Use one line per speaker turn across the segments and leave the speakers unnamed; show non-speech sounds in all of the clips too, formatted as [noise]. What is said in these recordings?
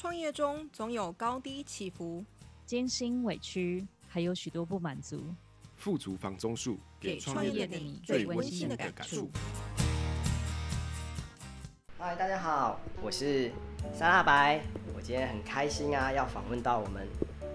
創業中總有高低起伏、艱辛委
屈，還有許多不滿足。
富足房中術給，給創業的你最溫馨的感觸。嗨，大家好，我是沙大白。我今天很開心啊，要訪問到我們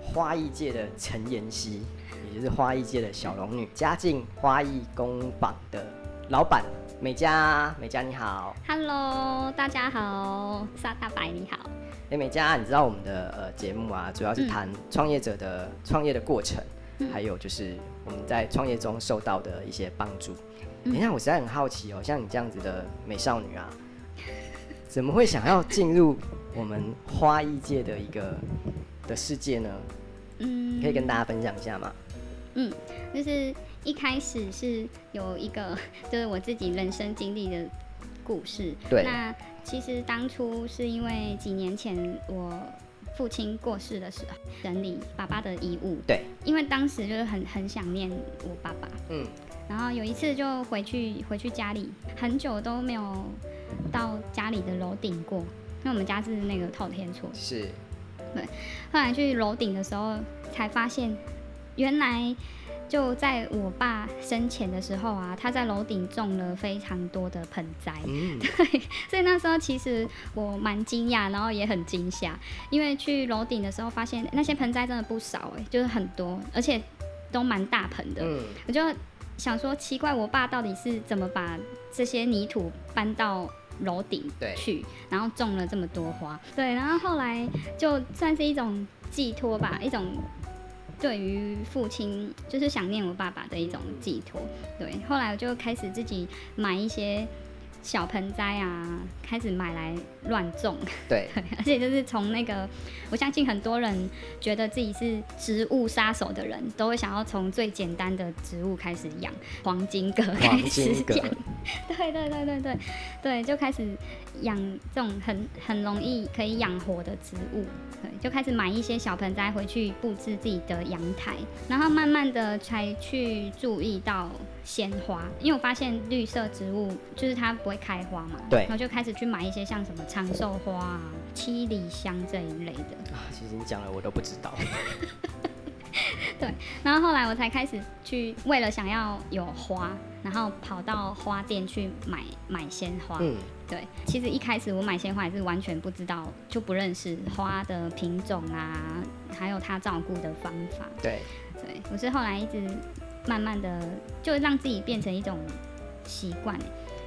花藝界的陳妍希，也就是花藝界的小龍女，嘉靖花藝工坊的老闆美嘉。美嘉你好
，Hello，大家好，沙大白你好。
欸，美嘉，你知道我們的呃節目啊，主要是談創業者的創、嗯、業的過程、嗯，還有就是我們在創業中受到的一些幫助。你、嗯、看，我實在很好奇哦，像你這樣子的美少女啊， [laughs] 怎麼會想要進入我們花藝界的一個的世界呢？嗯，
可以跟
大家分享一下嗎？
嗯，就是一開始是有一個，就是我自己人生經歷的。故事對，那其實當初是因為幾年前我父親過世的時候，整理爸爸的遺物。對，因為當時就是很很想念我爸爸。嗯，然後有一次就回去回去家裡，很久都沒有到家裡的樓頂過，因為我們家是那個透天厝。是，對。後來去樓頂的時候，才發現原來。就在我爸生前的時候啊，他在樓頂種了非常多的盆栽，嗯，對，所以那時候其實我蠻驚訝，然後也很驚嚇，因為去樓頂的時候發現那些盆栽真的不少哎、欸，就是很多，而且都蠻大盆的，嗯，我就想說奇怪，我爸到底是怎麼把這些泥土搬到樓頂去，對，然後種了這麼多花，對，然後後來就算是一種寄託吧，一種。對於父親，就是想念我爸爸的一種寄託。對，後來我就開始自己買一些小盆栽啊，開始買來亂種。對， [laughs] 而且就是從那個，我相信很多人覺得自己是植物殺手的人，都會想要從最簡單的植物開始養，黃金葛開始養。 [laughs] 對對對對對，對，對，就開始養這種很很容易可以養活的植物，對，就開始買一些小盆栽回去布置自己的陽台，然後慢慢的才去注意到鮮花，因為我發現綠色植物就是它不會開花嘛，對，然後就開始去買一些像什麼長壽花、七里香這一類的。啊，
其實你講了我都不知道。 [laughs]
對，然後後來我才開始去，為了想要有花，然後跑到花店去買買鮮花。嗯，對，其實一開始我買鮮花也是完全不知道，就不認識花的品種啊，還有它照顧的方法。對，對我是後來一直慢慢的就讓自己變成一種習慣，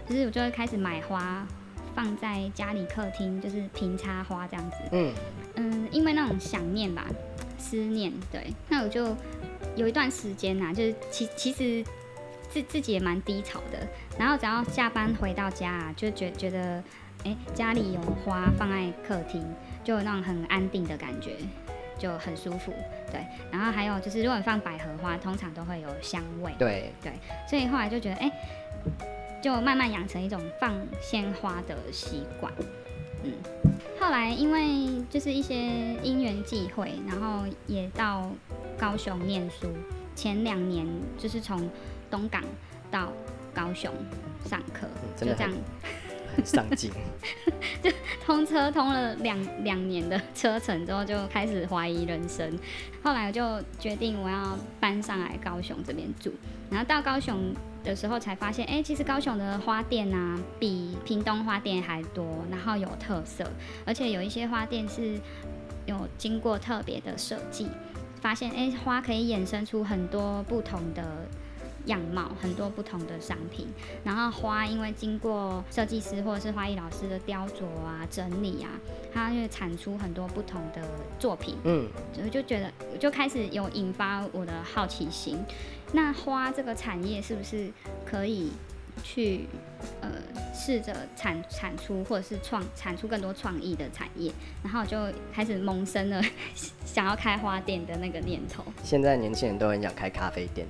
就是我就會開始買花放在家裡客廳，就是瓶插花這樣子。嗯嗯，因為那種想念吧。思念。對，那我就有一段時間呐、啊，就是其其實自自己也蠻低潮的，然後只要下班回到家，啊，就覺覺得哎、欸，家裡有花放在客廳，就有那種很安定的感覺，就很舒服。對，然後還有就是，如果你放百合花，通常都會有香味。對對，所以後來就覺得哎、欸，就慢慢養成一種放鮮花的習慣。嗯。後來因為就是一些因緣際會，然後也到高雄念書。前兩年就是從東港到高雄上課，嗯、就這樣。 [laughs]
上鏡 [laughs]
就通車通了兩兩年的車程之後，就開始懷疑人生。後來我就決定我要搬上來高雄這邊住。然後到高雄的時候才發現，哎、欸，其實高雄的花店呢、啊、比屏東花店還多，然後有特色，而且有一些花店是有經過特別的設計。發現哎、欸，花可以衍生出很多不同的。樣貌，很多不同的商品，然後花因為經過設計師或者是花藝老師的雕琢啊、整理啊，它就產出很多不同的作品。嗯，我就，就覺得，我就開始有引發我的好奇心。那花這個產業是不是可以去呃試着產產出或者是創產出更多創意的產業？然後就開始萌生了想要開花店的那個念頭。
現在年輕人都很想開咖啡店。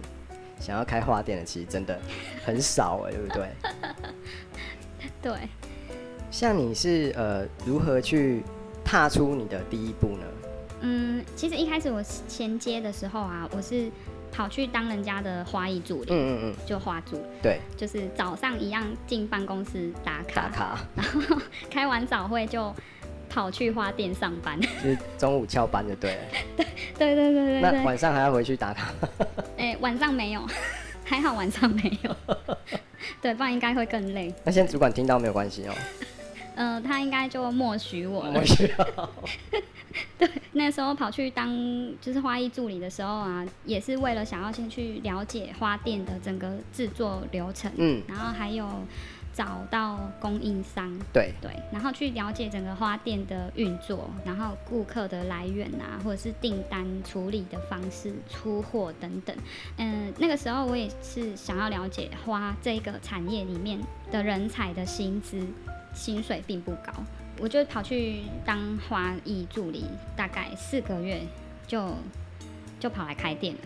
想要開花店的，其實真的很少哎、欸，對不對？
[laughs] 對。
像你是呃，如何去踏出你的第一步呢？嗯，
其實一開始我銜接的時候啊，我是跑去當人家的花藝助理，嗯嗯嗯，就花主。對。就是早上一樣進辦公室打卡，打卡，然後開完早會就跑去花店上班。就
是中午翹班就對了。 [laughs]
對，對，對對對對對。那晚
上還要回去打卡。
哎、欸，晚上沒有，還好晚上沒有， [laughs] 對，不然應該會更累。那
現在主管聽到沒有關係哦、喔，嗯、
呃，他應該就默許我了。默許， [laughs] 對，那時候跑去當就是花藝助理的時候啊，也是為了想要先去了解花店的整個製作流程，嗯，然後還有。找到供應商，對對，然後去了解整個花店的運作，然後顧客的來源啊，或者是訂單處理的方式、出貨等等。嗯，那個時候我也是想要了解花這個產業裡面的人才的薪資，薪水並不高，我就跑去當花藝助理，大概四個月就就跑來開店了。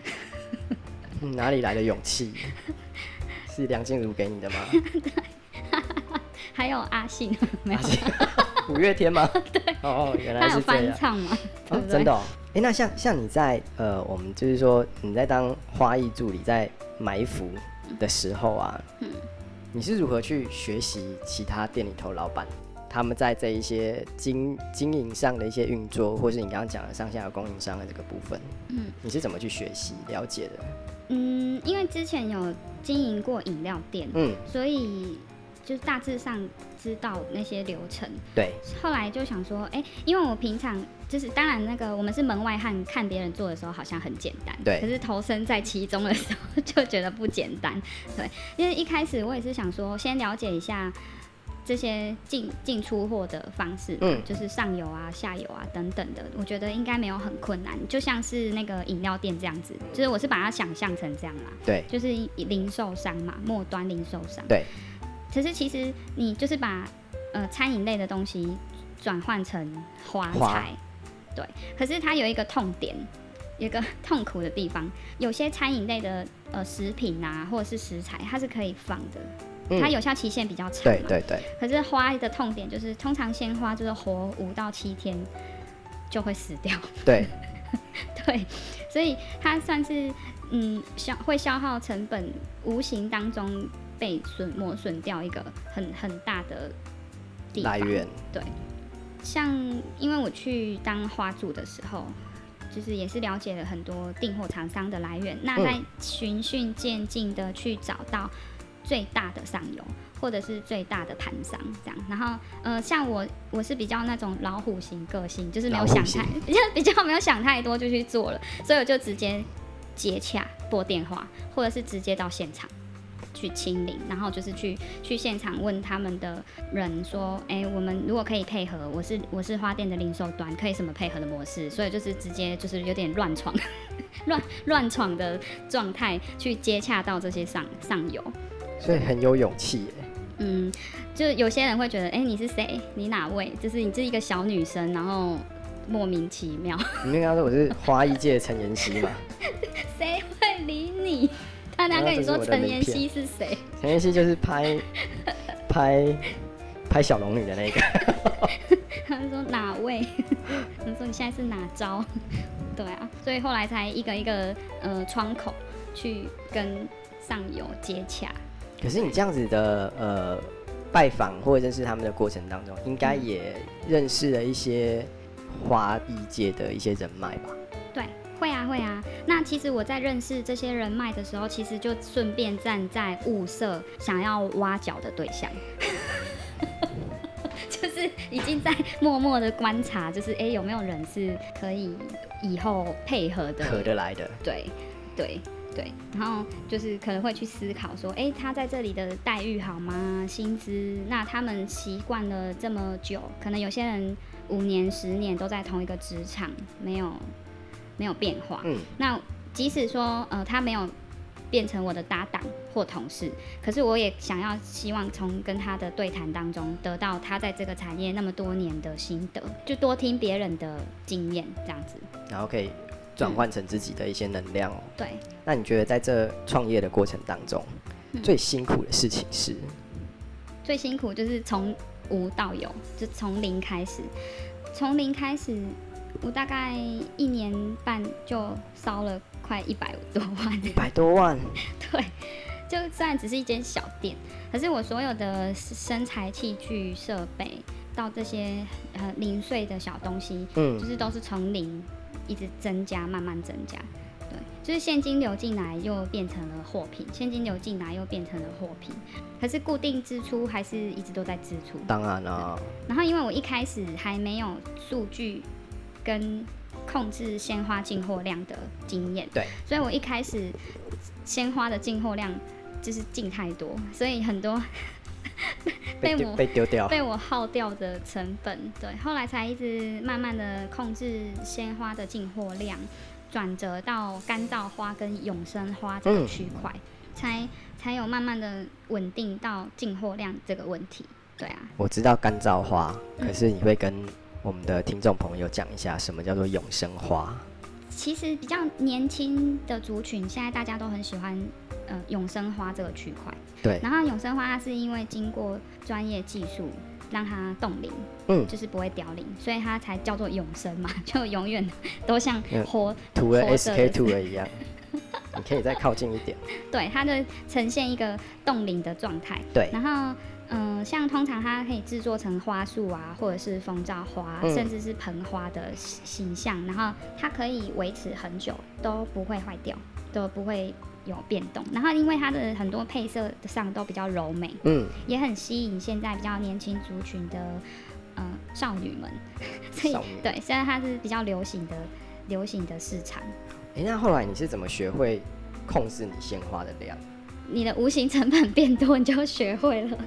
嗯，哪裡來的勇氣？ [laughs] 是梁靜茹給你的嗎？ [laughs]
還有阿信，沒有
[laughs] 五月天嗎？ [laughs]
對，哦，原來是這樣。他有翻唱嗎、哦？真的
哦，哎，那像像你在呃，我們就是說你在當花藝助理在埋伏的時候啊，嗯、你是如何去學習其他店裡頭老闆他們在這一些經經營上的一些運作，或是你剛剛講的上下游供應商的這個部分，嗯，你是怎麼去學習了解？的？
嗯，因為之前有經營過飲料店，嗯，所以。就是大致上知道那些流程，對。後來就想說，哎、欸，因為我平常就是當然那個我們是門外漢，看別人做的時候好像很簡單，對。可是投身在其中的時候就覺得不簡單，對。因為一開始我也是想說，先了解一下這些進進出貨的方式，嗯，就是上游啊、下游啊等等的，我覺得應該沒有很困難，就像是那個飲料店這樣子，就是我是把它想象成這樣啦，對，就是零售商嘛，末端零售商，對。可是其實你就是把呃餐飲類的東西轉換成花材，對。可是它有一個痛點，有一個痛苦的地方，有些餐飲類的呃食品啊，或者是食材，它是可以放的，嗯，它有效期限比較長嘛。對對對。可是花的痛點就是，通常鮮花就是活五到七天就會死掉。
對。
[laughs] 對，所以它算是嗯消會消耗成本，無形當中。被損磨損掉一個很很大的地來源，對，像因為我去當花主的時候，就是也是了解了很多訂貨廠商的來源，嗯、那在循序漸進的去找到最大的上游或者是最大的盤商這樣，然後呃，像我我是比較那種老虎型個性，就是沒有想太比較比較沒有想太多就去做了，所以我就直接接洽撥電話或者是直接到現場。去清零，然後就是去去現場問他們的人說，哎、欸，我們如果可以配合，我是我是花店的零售端，可以什麼配合的模式？所以就是直接就是有點亂闖，亂亂闖的狀態去接洽到這些上上游所，
所以很有勇氣耶。
嗯，就有些人會覺得，哎、欸，你是誰？你哪位？就是你是一個小女生，然後莫名其妙。
[laughs] 你剛剛說我是花藝界陳妍希嘛？
誰 [laughs] 會理你？他剛剛跟你說陳、啊、妍希是誰？
陳妍希就是拍拍 [laughs] 拍小龍女的那個 [laughs] 。
[laughs] 他說哪位？ [laughs] 他說你現在是哪招？ [laughs] 對啊，所以後來才一個一個呃窗口去跟上游接洽。
可是你這樣子的呃拜訪或是認識他們的過程當中，應該也認識了一些花藝界的一些人脈吧？
會啊會啊，那其實我在認識這些人脈的時候，其實就順便站在物色想要挖角的對象， [laughs] 就是已經在默默的觀察，就是哎、欸、有沒有人是可以以後配合的，合得來的，對對對，然後就是可能會去思考說，哎、欸、他在這裡的待遇好嗎？薪資。那他們習慣了這麼久，可能有些人五年十年都在同一個職場，沒有。沒有變化。嗯，那即使說呃，他沒有變成我的搭檔或同事，可是我也想要希望從跟他的對談當中得到他在這個產業那麼多年的心得，就多聽別人的經驗這樣子，
然後可以轉換成自己的一些能量，喔。對，嗯。那你覺得在這創業的過程當中，嗯，最辛苦的事情是？
最辛苦就是從無到有，就從零開始，從零開始。我大概一年半就燒了快一百多萬，一百多
萬， [laughs] 對，
就雖然只是一間小店，可是我所有的生財器具設備到這些、呃、零碎的小東西，嗯，就是都是從零一直增加，慢慢增加，對，就是現金流進來又變成了貨品，現金流進來又變成了貨品，可是固定支出還是一直都在支出，
當然了、
哦，然後因為我一開始還沒有數據。跟控制鮮花進貨量的經驗，對，所以我一開始鮮花的進貨量就是進太多，所以很多 [laughs] 被我被
丟掉、被我
耗掉的成本，對，後來才一直慢慢的控制鮮花的進貨量，轉折到乾燥花跟永生花這個區塊，才才有慢慢的穩定到進貨量這個問題，對啊，
我知道乾燥花，可是你會跟、嗯。我們的聽眾朋友講一下，什麼叫做永生花？
其實比較年輕的族群，現在大家都很喜歡，呃，永生花這個區塊。對。然後永生花，它是因為經過專業技術讓它凍齡，嗯，就是不會凋零，所以它才叫做永生嘛，就永遠都像活土了、嗯、SK-II 了一
樣。 [laughs] 你可以再靠近一點。
對，它的呈現一個凍齡的狀態。對。然後。嗯、呃，像通常它可以製作成花束啊，或者是風罩花、嗯，甚至是盆花的形象，然後它可以維持很久，都不會壞掉，都不會有變動。然後因為它的很多配色上都比較柔美，嗯，也很吸引現在比較年輕族群的嗯、呃、少女們，所以對，現在它是比較流行的，流行的市場。
哎，那後來你是怎麼學會控制你鮮花的量？
你的無形成本變多，你就學會了。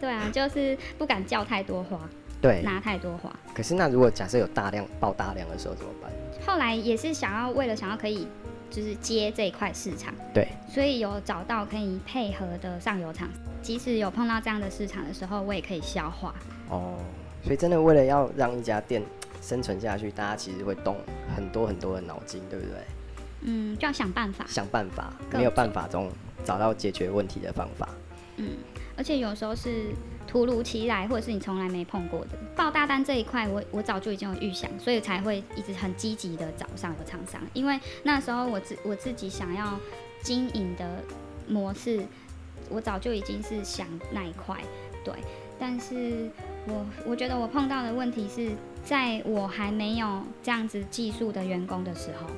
對啊，就是不敢叫太多花，
對，拿太多花。可是那如果假設有大量爆大量的時候怎麼辦？
後來也是想要為了想要可以，就是接這一塊市場。對，所以有找到可以配合的上游廠，即使有碰到這樣的市場的時候，我也可以消化。
哦，所以真的為了要讓一家店生存下去，大家其實會動很多很多的腦筋，對不對？
嗯，就要想辦法。
想辦法，沒有辦法中，找到解決問題的方法。嗯，
而且有時候是突如其來，或者是你從來沒碰過的。爆大單這一塊，我我早就已經有預想，所以才會一直很積極的找上游廠商。因為那時候我自我自己想要經營的模式，我早就已經是想那一塊，對。但是我我覺得我碰到的問題是在我還沒有這樣子技術的員工的時候。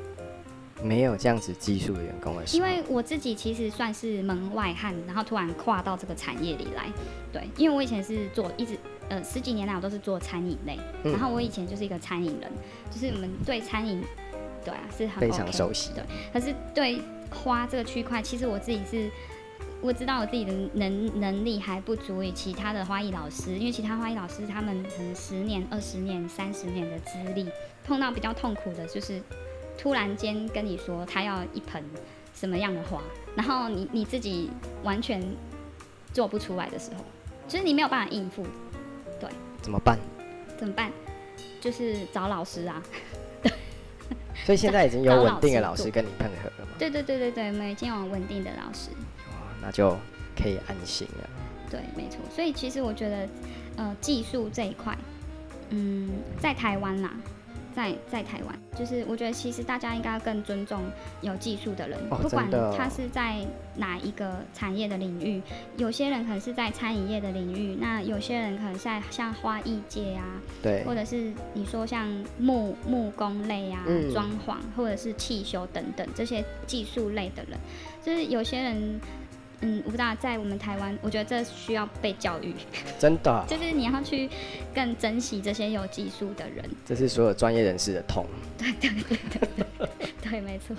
沒有這樣子技術的員工啊，因為
我自己其實算是門外漢，然後突然跨到這個產業裡來，對，因為我以前是做一直呃十幾年來我都是做餐飲類，嗯，然後我以前就是一個餐飲人，就是我們對餐飲對啊是很 okay，非常熟悉，對，可是對花這個區塊，其實我自己是我知道我自己的能能力還不足以其他的花藝老師，因為其他花藝老師他們可能十年、二十年、三十年的資歷，碰到比較痛苦的就是。突然間跟你說他要一盆什麼樣的花，然後你你自己完全做不出來的時候，就是你沒有辦法應付，對，怎麼辦？怎麼辦？就是找老師啊，對
[laughs] 所以現在已經有穩定的老師跟你配合了嗎？對
對對對對，我們已經有穩定的老師。
哇，那就可以安心了。
對，沒錯。所以其實我覺得，呃，技術這一塊，嗯，在台灣啦、啊。在在台灣，就是我覺得其實大家應該要更尊重有技術的人，哦真的哦，不管他是在哪一個產業的領域。有些人可能是在餐飲業的領域，那有些人可能在像花藝界啊，對，或者是你說像木木工類啊、裝、嗯、潢或者是汽修等等這些技術類的人，就是有些人。嗯，我不知道在我們台灣，我覺得這需要被教育。真的啊， [laughs] 就是你要去更珍惜這些有技術的人。
這是所有專業人士的痛。對對對
對對， [laughs] 對，沒錯。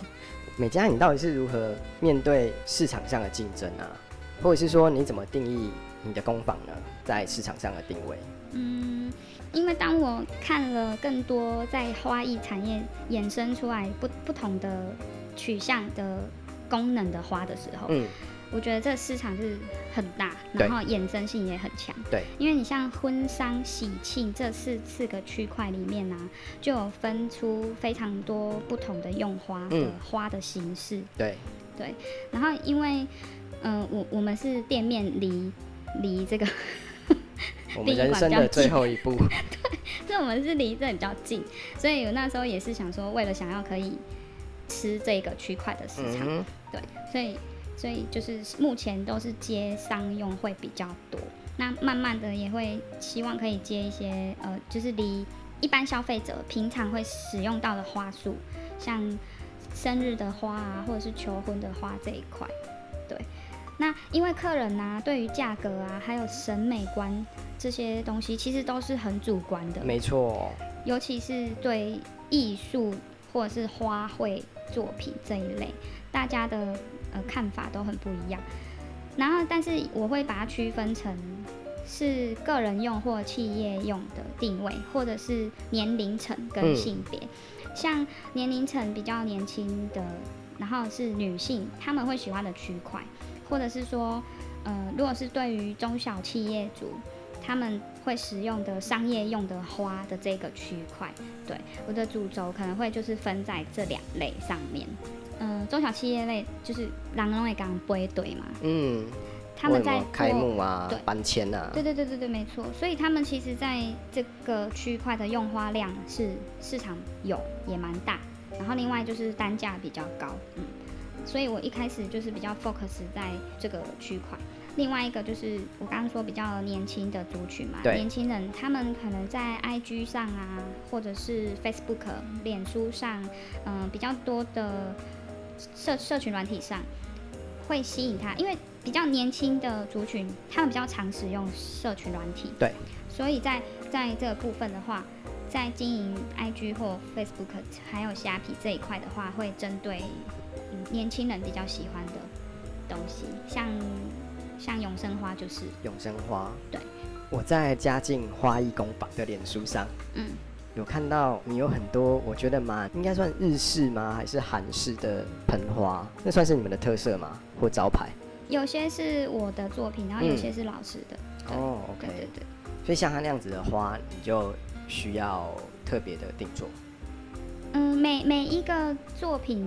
美嘉，你到底是如何面對市場上的競爭啊？或者是說，你怎麼定義你的工坊呢？在市場上的定位？
嗯，因為當我看了更多在花藝產業衍生出來不不同的取向的功能的花的時候，嗯。我覺得這個市場是很大，然後衍生性也很強。對，因為你像婚喪喜慶這四四個區塊裡面呢、啊，就有分出非常多不同的用花的花的形式。嗯、對對。然後因為，嗯、呃，我我們是店面離離這個， [laughs] 我們人生的最後一
步 [laughs] 。
對，所以我們是離這比較近，所以我那時候也是想說，為了想要可以吃這個區塊的市場、嗯，對，所以。所以就是目前都是接商用會比較多，那慢慢的也會希望可以接一些呃，就是離一般消費者平常會使用到的花束，像生日的花啊，或者是求婚的花這一塊。對，那因為客人呢、啊，對於價格啊，還有審美觀這些東西，其實都是很主觀的。沒錯，尤其是對藝術或者是花卉作品這一類，大家的。呃，看法都很不一樣。然後，但是我會把它區分成是個人用或企業用的定位，或者是年齡層跟性別。嗯。像年齡層比較年輕的，然後是女性，他們會喜歡的區塊，或者是說，呃，如果是對於中小企業主，他們會使用的商業用的花的這個區塊，對，我的主軸可能會就是分在這兩類上面。嗯、呃，中小企業類就是兩個人也講不會背對嘛。嗯，他們在有有開幕啊，
搬遷啊，對對
對對對，沒錯。所以他們其實在這個區塊的用花量是市場有也蠻大。然後另外就是單價比較高，嗯。所以我一開始就是比較 focus 在這個區塊。另外一個就是我剛剛說比較年輕的族群嘛，對，年輕人他們可能在 IG 上啊，或者是 Facebook 臉書上，嗯、呃，比較多的。社社群軟體上會吸引他，因為比較年輕的族群，他們比較常使用社群軟體。對。所以在在這個部分的話，在經營 IG 或 Facebook 還有蝦皮這一塊的話，會針對、嗯、年輕人比較喜歡的東西，像像永生花就是。
永生花。對。我在嘉靖花藝工坊的臉書上。嗯。有看到你有很多，我覺得嘛，應該算日式嗎？還是韓式的盆花？那算是你們的特色嗎？或招牌？
有些是我的作品，然後有些是老師的。
嗯、哦，OK，對對對。所以像他那樣子的花，你就需要特別的定做。嗯，
每每一個作品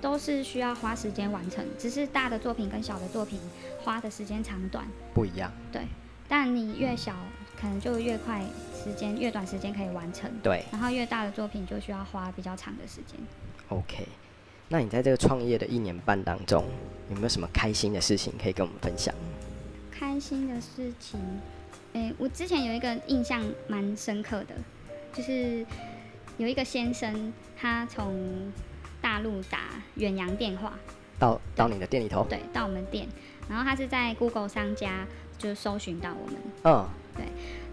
都是需要花時間完成，只是大的作品跟小的作品花的時間長短不一樣。對。但你越小，可能就越快時，時間越短，時間可以完成。對。然後越大的作品就需要花比較長的時間。
OK。那你在這個創業的一年半當中，有沒有什麼開心的事情可以跟我們分享？
開心的事情，誒，我之前有一個印象蠻深刻的，就是有一個先生，他從大陸打遠洋電話，
到到你的店裡頭對。對，
到我們店。然後他是在 Google 商家，就搜尋到我們，
嗯、
哦，對，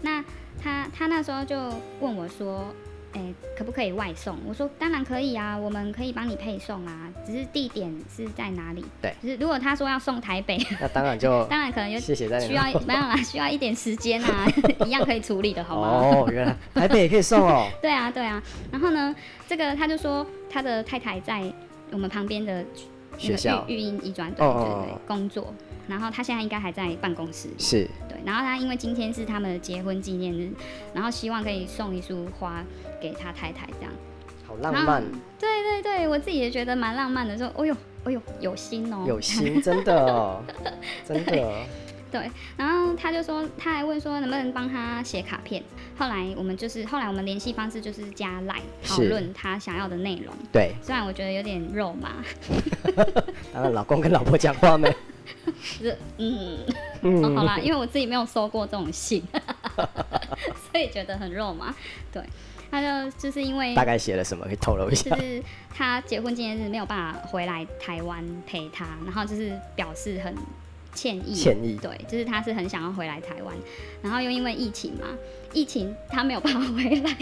那他他那時候就問我說，哎、欸，可不可以外送？我說當然可以啊，我們可以幫你配送啊，只是地點是在哪裡？對，只、就是如果他說要送台北，那
當然就 [laughs] 當然可能有需要，沒
有啦，需要一點時間啊， [laughs] [laughs] 一樣可以處理的，好嗎？哦，原來台北也可以送哦。 [laughs] 對啊，對啊，然後呢，這個他就說他的太太在我們旁邊的。學校，育、那、嬰、個、一轉對，對對對，oh. 工作，然後他現在應該還在辦公室，是對，然後他因為今天是他們的結婚紀念日，然後希望可以送一束花給他太太這樣，
好浪漫，
對對對，我自己也覺得蠻浪漫的，說，哎呦，哎呦，有心哦、喔，有心，真
的、哦， [laughs] 真的，
對，然後他就說，他還問說能不能幫他寫卡片。後來我們就是，後來我們聯繫方式就是加 Line 討論他想要的內容。對，雖然我覺得有點肉麻。
啊， [laughs] 老公跟老婆講話沒？ [laughs] 嗯嗯、哦，好啦，因
為我自己沒有收過這種信， [laughs] 所以覺得很肉麻。對，他就就是因為大概
寫了什麼，可以透露一下？就是
他結婚紀念日沒有辦法回來台灣陪他，然後就是表示很。歉意，歉意，對，就是他是很想要回來台灣，然後又因為疫情嘛，疫情他沒有辦法回來，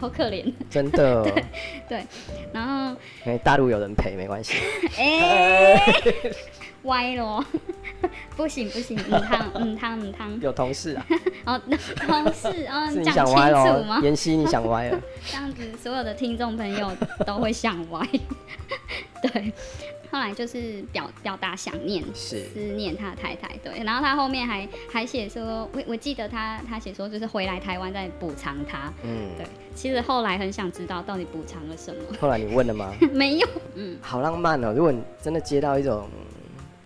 好可憐，
真的， [laughs] 對
對，然後，
欸、大陸有人陪沒關係，哎、 [laughs] 欸，
[laughs] 歪咯囉， [laughs] 不行不行、 [laughs] 嗯，嗯湯嗯湯嗯湯，有同事啊， [laughs] 哦同事哦，你講 [laughs] 清楚嗎？妍希
你想歪了，
這樣子所有的聽眾朋友都會想歪， [laughs] 對。後來就是表表達想念，是思念他的太太，對。然後他後面還還寫說，我我記得他他寫說，就是回來台灣再補償他，
嗯，對。
其實後來很想知道到底補償了什麼。
後來你問了嗎？ [laughs]
沒有，嗯。
好浪漫哦！如果你真的接到一種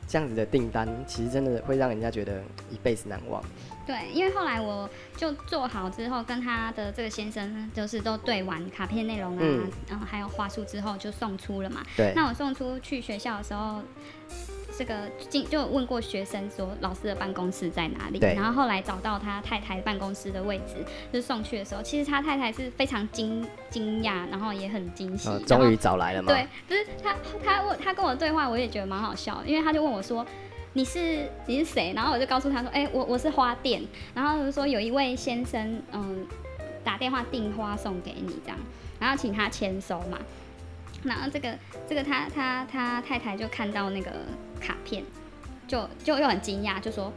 這樣子的訂單，其實真的會讓人家覺得一輩子難忘。
對，因為後來我就做好之後，跟他的這個先生，就是都對完卡片內容啊，然、嗯、後、嗯、還有花束之後就送出了嘛。對，那我送出去學校的時候，這個進就問過學生說老師的辦公室在哪裡，然後後來找到他太太辦公室的位置，就送去的時候，其實他太太是非常驚驚訝，然後也很驚喜，終、嗯、於
找來了嘛。對，
就是他他問他跟我對話，我也覺得蠻好笑，因為他就問我說。你是你是誰？然後我就告訴他說，哎、欸，我我是花店，然後就說有一位先生，嗯、呃，打電話訂花送給你這樣，然後請他簽收嘛。然後這個這個他他他他太太就看到那個卡片，就就又很驚訝，就說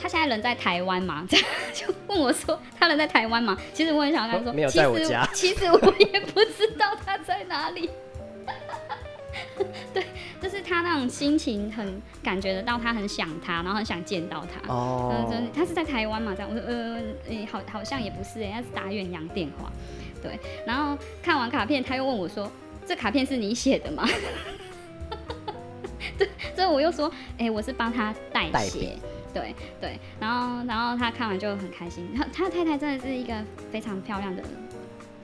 他現在人在台灣嗎？ [laughs] 就問我說他人在台灣嗎？其實我很想跟他說，哦，沒有在我家。其實，其實我也不知道他在哪裡。 [laughs] 對。就是他那種心情很，很感覺得到他很想他，然後很想見到他。哦、oh. 嗯就是。他是在台灣嘛？這樣，我說，呃，你、欸、好，好像也不是、欸，人家是打遠洋電話，對。然後看完卡片，他又問我說：“這卡片是你寫的嗎？”哈 [laughs] 哈 [laughs] 我又說，哎、欸，我是幫他代寫，對對。然後然後他看完就很開心。他他太太真的是一個非常漂亮的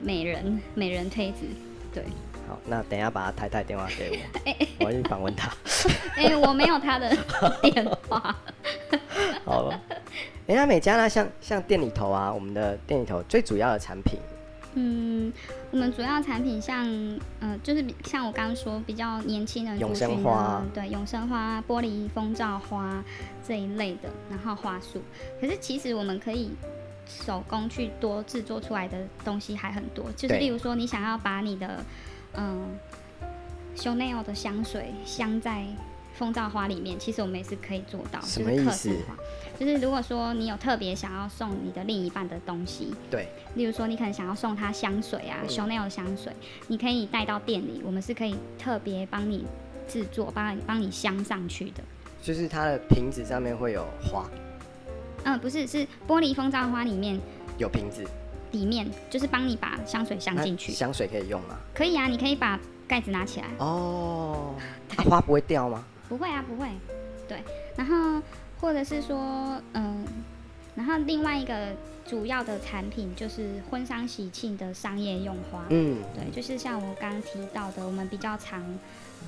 美人，美人胚子，對。
好，那等一下把他太太電話給我，我去訪問他。
哎、 [laughs] 欸，我沒有他的電話。 [laughs] 好
了，哎、欸，那美嘉呢？像像店裡頭啊，我們的店裡頭最主要的產品，嗯，
我們主要的產品像，嗯、呃，就是像我剛剛說比較年輕的永生花，對，永生花、玻璃風罩花這一類的，然後花束。可是其實我們可以手工去多製作出來的東西還很多，就是例如說你想要把你的。嗯，香奈兒的香水鑲在風罩花裡面，其實我們也是可以做到。什麼意思？就是、就是、如果說你有特別想要送你的另一半的東西，對，例如說你可能想要送他香水啊，香奈兒香水，你可以帶到店裡，我們是可以特別幫你製作，幫幫你鑲上去的。
就是它的瓶子上面會有花。
嗯，不是，是玻璃風罩花裡面有瓶子。裡面就是幫你把香水鑲進去，
香水可以用嗎？
可以啊，你可以把蓋子拿起來
哦。它、 [laughs] 啊、花不會掉嗎？
不會啊，不會。對，然後或者是說，嗯、呃，然後另外一個主要的產品就是婚喪喜慶的商業用花。嗯，對，就是像我剛剛提到的，我們比較常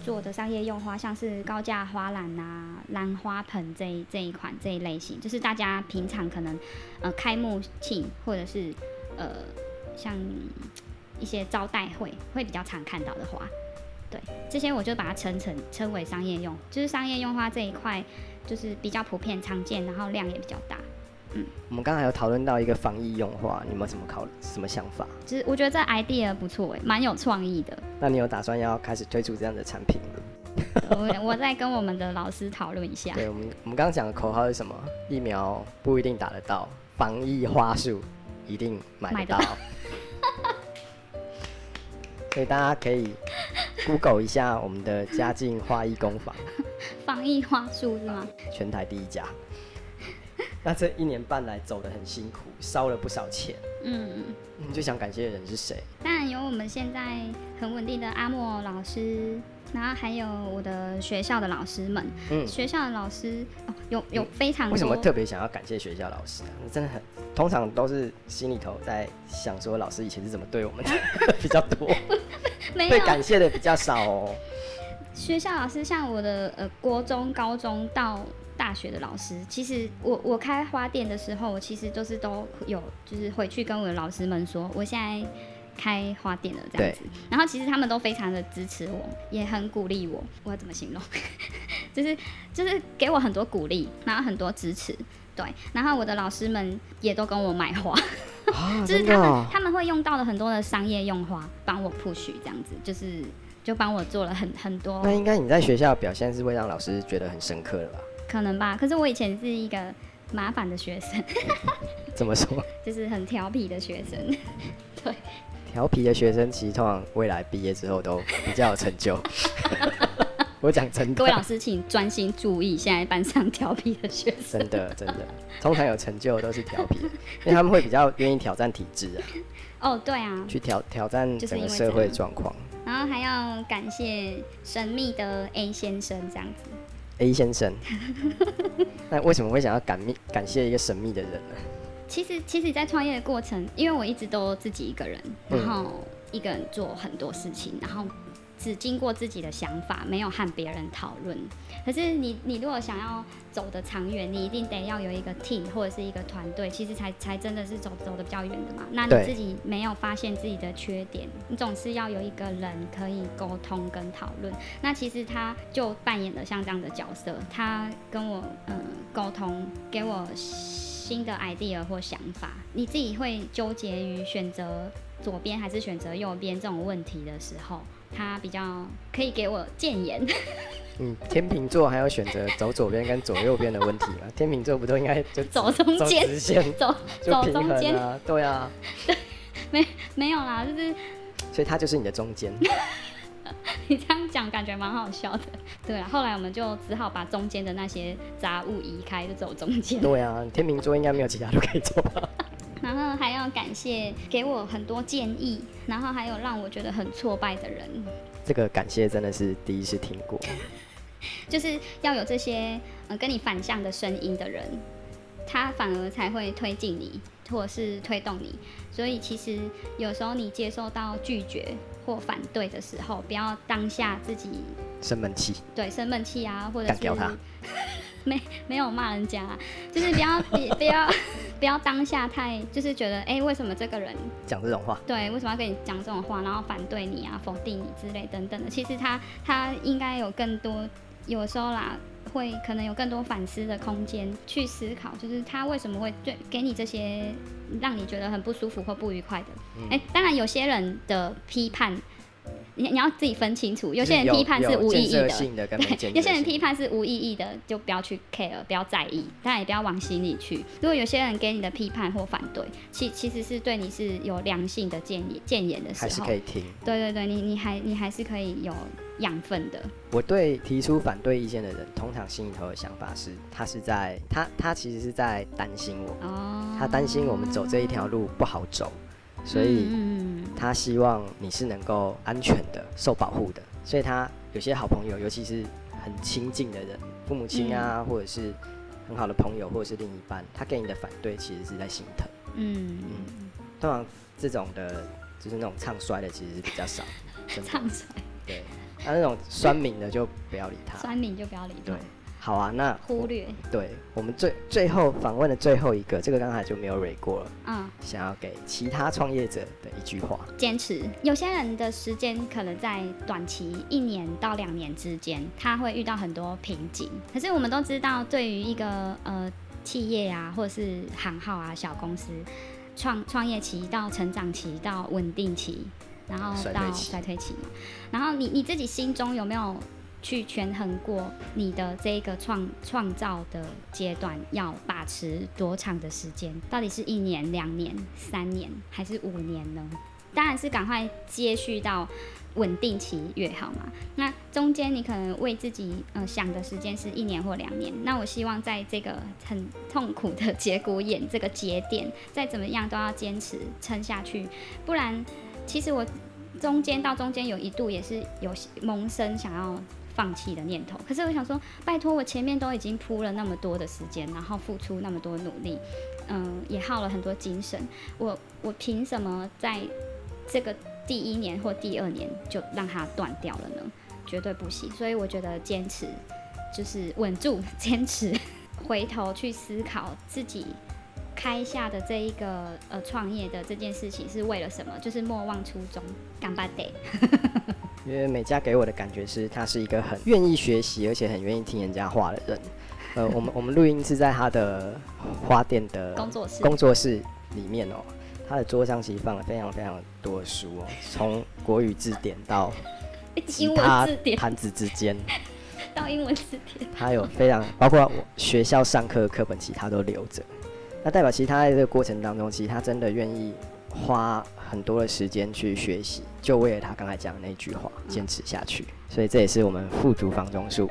做的商業用花，像是高價花籃啊、蘭花盆這一這一款這一類型，就是大家平常可能呃開幕慶或者是。呃，像一些招待會會比較常看到的花，對，這些我就把它稱成稱為商業用，就是商業用花這一塊，就是比較普遍常見，然後量也比較大。
嗯，我們剛才有討論到一個防疫用花，你們有什麼考什麼想法？
就是我覺得這 idea 不錯哎、欸，蠻有創意的。
那你有打算要開始推出這樣的產品
嗎？ [laughs] 我我再跟我們的老師討論一下。對，我
們我們剛剛講的口號是什麼？疫苗不一定打得到，防疫花束一定買到，買到 [laughs] 所以大家可以 Google 一下我們的佳境花藝工坊，
防疫花束是嗎？
全台第一家。那這一年半來走得很辛苦，燒了不少錢。嗯，最想感謝的人是誰？
當然有我們現在很穩定的阿莫老師。然後還有我的學校的老師們，嗯、學校的老師、哦、有有非常多。為什麼特
別想要感謝學校老師啊？你真的很，通常都是心裡頭在想說老師以前是怎麼對我們的 [laughs] 比較多
[laughs] 沒有，被感
謝的比較少哦。
學校老師像我的呃國中、高中到大學的老師，其實我我開花店的時候，我其實都是都有就是回去跟我的老師們說，我現在。開花店的這樣子，然後其實他們都非常的支持我，也很鼓勵我。我要怎麼形容？ [laughs] 就是就是給我很多鼓勵，然後很多支持。對，然後我的老師們也都跟我買花，啊、 [laughs] 就是他們、哦、他們會用到的很多的商業用花幫我鋪許這樣子，就是就幫我做了很很多。那應
該你在學校表現是會讓老師覺得很深刻的吧？
可能吧，可是我以前是一個麻煩的學生、 [laughs] 嗯，
怎麼說？
就是很調皮的學生，對。
調皮的學生，其實通常未來畢業之後都比較有成就。 [laughs] [laughs] 我講成。各位老師，
請專心注意，現在班上調皮的學
生。 [laughs] 真的，真的，通常有成就都是調皮， [laughs] 因為他們會比較願意挑戰體制啊。哦
，oh，對啊。去
挑挑戰整個社會狀況。
然後還要感謝神秘的 A 先生這樣子。
A 先生。 [laughs] 那為什麼會想要感感謝一個神秘的人呢？
其實，其實，在創業的過程，因為我一直都自己一個人、嗯，然後一個人做很多事情，然後只經過自己的想法，沒有和別人討論。可是你，你你如果想要走得長遠，你一定得要有一個 team 或者是一個團隊，其實才才真的是走走得比較遠的嘛。那你自己沒有發現自己的缺點，你總是要有一個人可以溝通跟討論。那其實他就扮演了像這樣的角色，他跟我呃溝通，給我。新的 idea 或想法，你自己會糾結於選擇左邊還是選擇右邊這種問題的時候，他比較可以給我建言。
嗯，天秤座還要選擇走左邊跟左右邊的問題嗎？ [laughs] 天秤座不都應該就
走中間走走、啊、走平衡啊？
對啊，對，
沒沒有啦，就是，
所以他就是你的中間。
[laughs] [laughs] 你這樣講感覺蠻好笑的，對啊。後來我們就只好把中間的那些雜物移開，就走中間。對
啊，天秤座應該沒有其他路可以走吧。
[laughs] 然後還要感謝給我很多建議，然後還有讓我覺得很挫敗的人。
這個感謝真的是第一次聽過。
[laughs] 就是要有這些、呃、跟你反向的聲音的人，他反而才會推進你。或是推動你，所以其實有時候你接受到拒絕或反對的時候，不要當下自己生悶氣，對，生悶氣啊，或者是幹掉他，呵呵沒沒有罵人家，啊，就是不要、 [laughs] 不要、不要當下太，就是覺得哎，欸，為什麼這個人
講這種話？
對，為什麼要跟你講這種話？然後反對你啊，否定你之類等等的。其實他他應該有更多，有時候啦。會可能有更多反思的空間去思考，就是他為什麼會對給你這些讓你覺得很不舒服或不愉快的。哎、嗯欸，當然有些人的批判，你你要自己分清楚、就是有，有些人批判是無意義的，的，對，有些人批判是無意義的，就不要去 care，不要在意，但也不要往心裡去。如果有些人給你的批判或反對，其其實是對你是有良性的建議、建言的時候，還是可以聽。對對對，你你還你還是可以有。養分的。
我對提出反對意見的人，通常心裡頭的想法是，他是在他他其實是在擔心我。哦。他擔心我們走這一條路不好走，所以，嗯嗯、他希望你是能夠安全的、受保護的。所以，他有些好朋友，尤其是很親近的人，父母親啊、嗯，或者是很好的朋友，或者是另一半，他給你的反對其實是在心疼。嗯嗯。通常這種的，就是那種唱衰的，其實是比較少。唱衰。對。啊、那種酸民的就不要理他，酸
民就不要理他。對，
好啊，那忽略。我對我們最最後訪問的最後一個，這個剛才就沒有 r 過了。嗯，想要給其他創業者的一句話：
堅持。有些人的時間可能在短期一年到兩年之間，他會遇到很多瓶頸。可是我們都知道，對於一個呃企業啊，或者是行號啊，小公司，創創業期到成長期到穩定期。然後到衰退期嘛，然後你你自己心中有沒有去權衡過你的這個創創造的階段要把持多長的時間？到底是一年、兩年、三年還是五年呢？當然是趕快接續到穩定期越好嘛。那中間你可能為自己呃想的時間是一年或兩年，那我希望在這個很痛苦的節骨眼這個節點，再怎麼樣都要堅持撐下去，不然。其實我中間到中間有一度也是有萌生想要放棄的念頭，可是我想說，拜託我前面都已經鋪了那麼多的時間，然後付出那麼多努力，嗯，也耗了很多精神，我我憑什麼在這個第一年或第二年就讓它斷掉了呢？絕對不行！所以我覺得堅持就是穩住，堅持回頭去思考自己。開下的這一個呃創業的這件事情是為了什麼？就是莫忘初衷，甘巴爹。
[laughs] 因為美嘉給我的感覺是，他是一個很願意學習，而且很願意聽人家話的人。呃，我們我們錄音是在他的花店的工作室，工作室裡面哦、喔。他的桌上其實放了非常非常多書哦、喔，從國語字典到
英文字典，盤子之間 [laughs] 到英文字典，
他有非常包括學校上課的課本，其他都留着。那代表，其實他在這個過程當中，其實他真的願意花很多的時間去學習，就為了他剛才講的那句話，堅持下去。嗯。所以這也是我們富足房中術，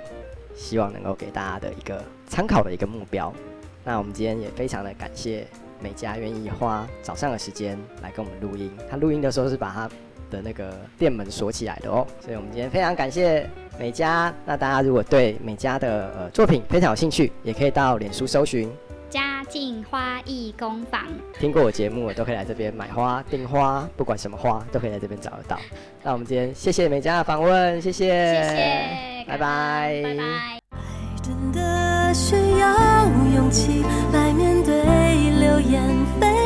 希望能夠給大家的一個參考的一個目標。那我們今天也非常的感謝美嘉願意花早上的時間來跟我們錄音。他錄音的時候是把他的那個店門鎖起來的哦。所以我們今天非常感謝美嘉。那大家如果對美嘉的呃作品非常有興趣，也可以到臉書搜尋。
嘉靖花藝工坊，
聽過我節目，我都可以來這邊買花訂花，不管什麼花，都可以來這邊找得到。那我們今天謝謝美嘉的訪問，謝謝，謝謝，拜拜，拜拜。